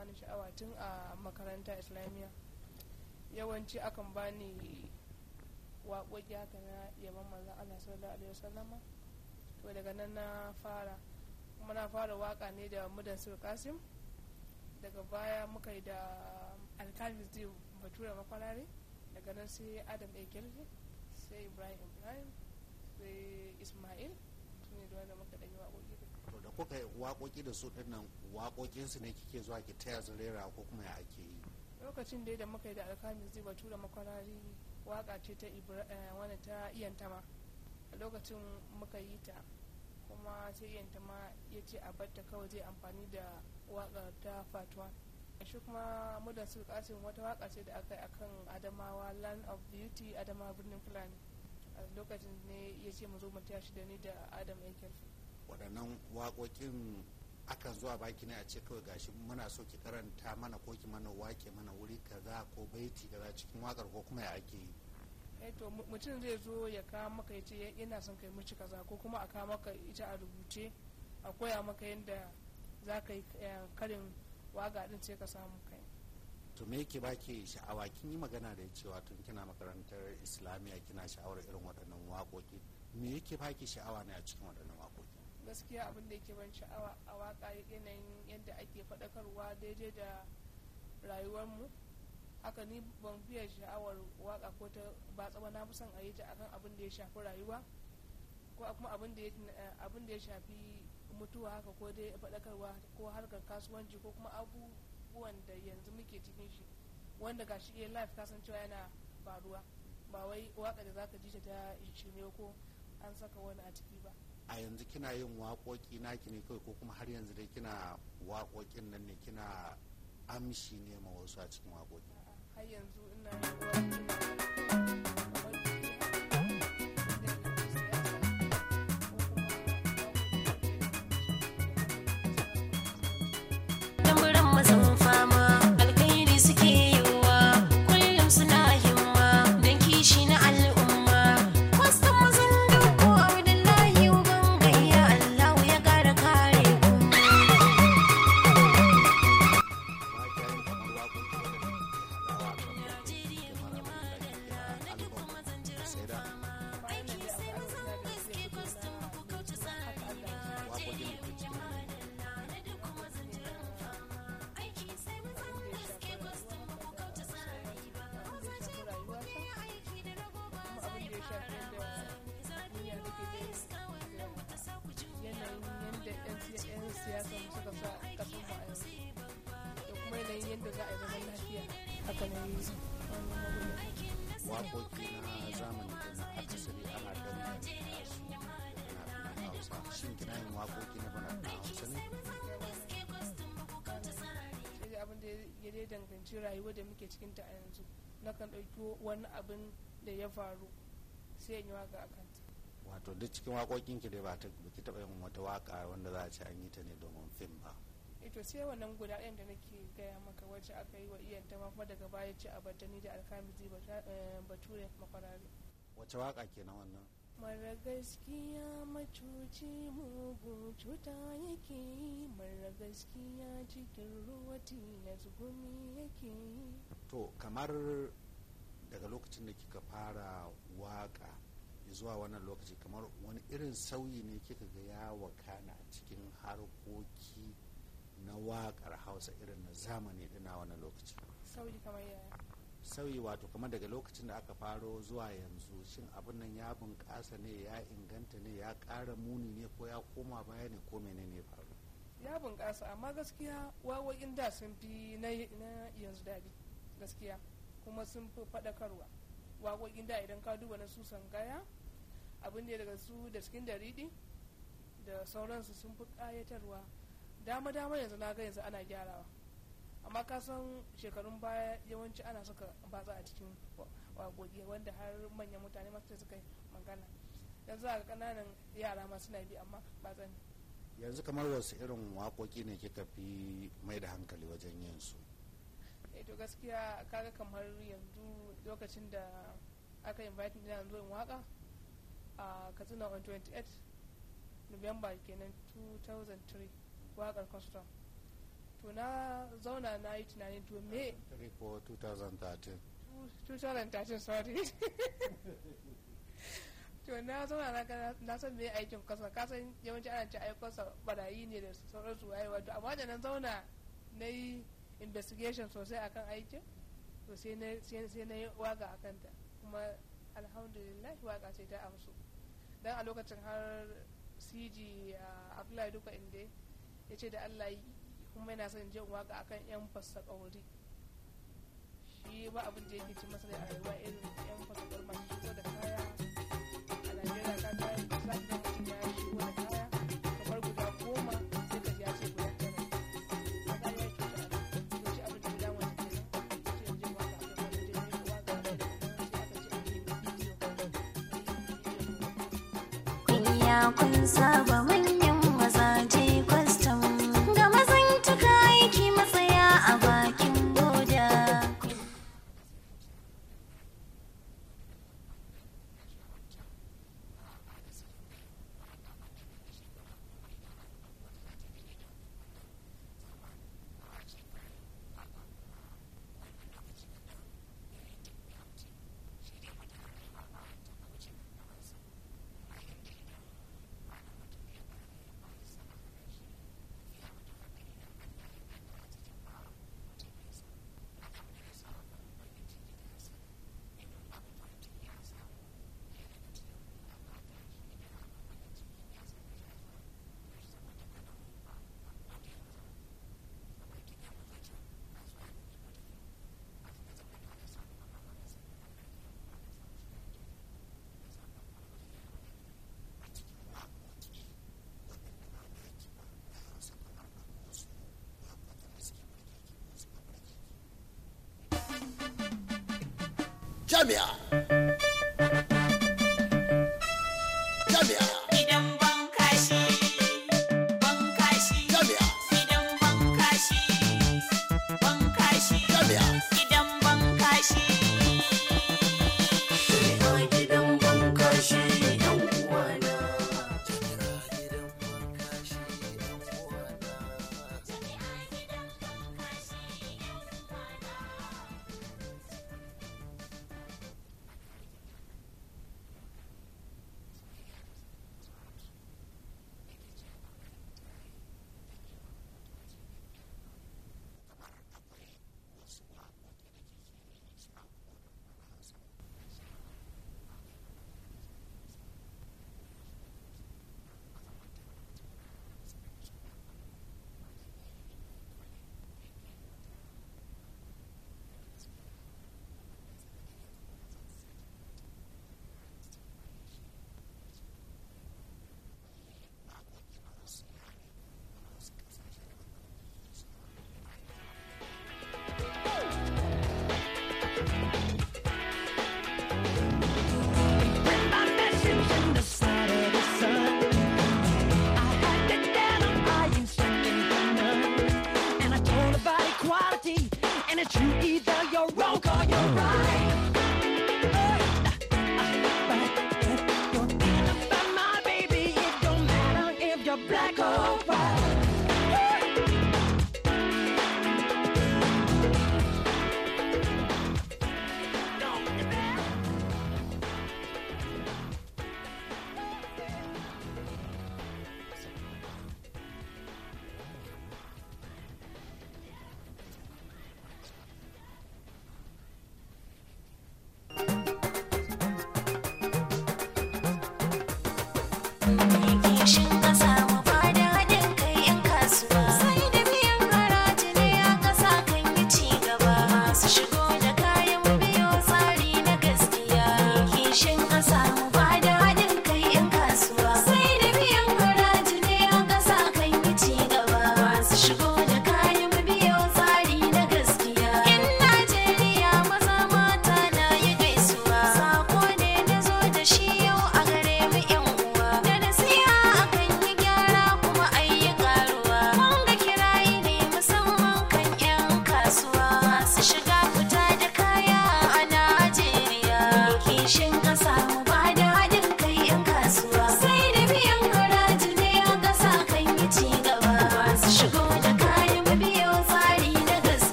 bani sha'awa tun a makaranta islamiyya yawanci akan bani waƙoƙi haka na yaban manzan allah sallallahu alaihi wasallama to daga nan na fara kuma na fara waƙa ne da mudan Sir kasim daga baya muka yi da alkamis zai batura makwarare daga nan sai adam a kirki sai ibrahim ibrahim sai ismail su ne da wanda muka ɗanyi waƙoƙi da kuka yi waƙoƙi da su dinnan waƙoƙinsu ne kike zuwa ki taya su rera ko kuma ya ake yi lokacin da muka yi da alkami zai batu da makwarari waka ce ta eh, wani ta iyantama a lokacin muka yi ta kuma sai iyantama ya ce a batta kawai zai amfani da waka ta fatuwa shi kuma mudan su kasin wata waka ce da aka yi akan adamawa land of beauty adama birnin fulani a lokacin ne ya ce mu zo mu tashi da ni da adam aikinsu waɗannan waƙoƙin akan zuwa baki ne a ce kawai gashi muna so ki karanta mana ko ki mana wake mana wuri kaza ko baiti kaza cikin wakar ko kuma ya ake yi eh mutum zai zo ya kawo maka ya ce yana son kai mishi kaza ko kuma a kawo maka ita a rubuce a koya maka yadda za ka yi eh, karin waga din sai ka samu kai to me yake baki sha'awa kin yi magana da cewa tun kina makarantar islamiyya kina sha'awar irin waɗannan waƙoƙi me yake ke sha'awa ne a cikin waɗannan waƙoƙi gaskiya abin da yake ban sha'awa a waka yanayin yadda ake faɗakarwa daidai da rayuwarmu haka ni ban fiye sha'awar waka ko ta ba tsaba na fi son a yi ta akan abin da ya shafi rayuwa ko kuma abin da ya shafi mutuwa haka ko dai faɗakarwa ko harkar kasuwanci ko kuma abubuwan da yanzu muke cikin shi wanda gashi shi life kasancewa yana faruwa ba wai waka da zaka ji ta shirme ko an saka wani a ciki ba a yanzu kina yin waƙoƙi naki ne kawai ko kuma har yanzu dai kina waƙoƙin nan ne kina amshi ne ma wasu a cikin waƙoƙi har waƙoƙi yanayin yadda za na zamani da na akasari ana su na hausa shin kina yin na bana na hausa ne sai abin da ya dai danganci rayuwa da muke ta a yanzu nakan ɗauki wani abin da ya faru sai in waka a kanta wato duk cikin waƙoƙin ki dai ba ta ki taɓa yin wata waka wanda za a ce an yi ta ne domin fim ba ito eh sai wannan guda ɗayan da nake gaya maka wacce aka yi wa iyan ta kuma daga baya ce a badani da alkamizi eh, bature makwarari wacce waka kenan wannan mara gaskiya macuci mugu cuta yake mara gaskiya cikin ruwa tilas gumi yake to kamar daga lokacin da kika fara waka zuwa wannan lokaci kamar wani irin sauyi ne kika ga ya wakana a cikin harkoki na wakar hausa irin na zamani dina wannan lokaci sauyi wato kamar daga lokacin da aka faro zuwa yanzu shin abin nan ya bunƙasa ne ya inganta ne ya ƙara muni ne ko ya koma baya ne ko menene ne faru ya bunƙasa amma gaskiya wawoyin da sun fi na yanzu daɗi gaskiya kuma sun fi faɗakarwa waƙoƙin da idan ka duba na su sangaya abin da daga su da cikin daridi da sauransu sun fi ƙayatarwa dama dama yanzu na ga yanzu ana gyarawa amma ka san shekarun baya yawanci ana saka batsa a cikin waƙoƙi wanda har manyan mutane masu suka yi magana yanzu a ƙananan yara ma suna bi amma ba zan yanzu kamar wasu irin waƙoƙi ne kika fi mai da hankali wajen yin su eh gaskiya kaga kamar yanzu lokacin da aka invite ni na in waka a katsina on 28 november kenan 2003 wakar custom to na zauna na yi tunanin to me 2013 2013 sorry to na zauna na ga na san me aikin kasa kasan yawanci ana ce aikin kasa barayi ne da sauransu wayewa to amma da na zauna na yi investigation sosai akan aikin to sai na yi waga a kanta kuma alhamdulillah waka sai ta amsu dan a lokacin har cg a abdullahi duka inda ya ce da allah kuma yana son jin waka akan yan fasa kauri shi ba abin da yake ci masa a rayuwa irin yan fasa kauri masu da kaya a najeriya ta yi. ya kun saba Come here. Come here.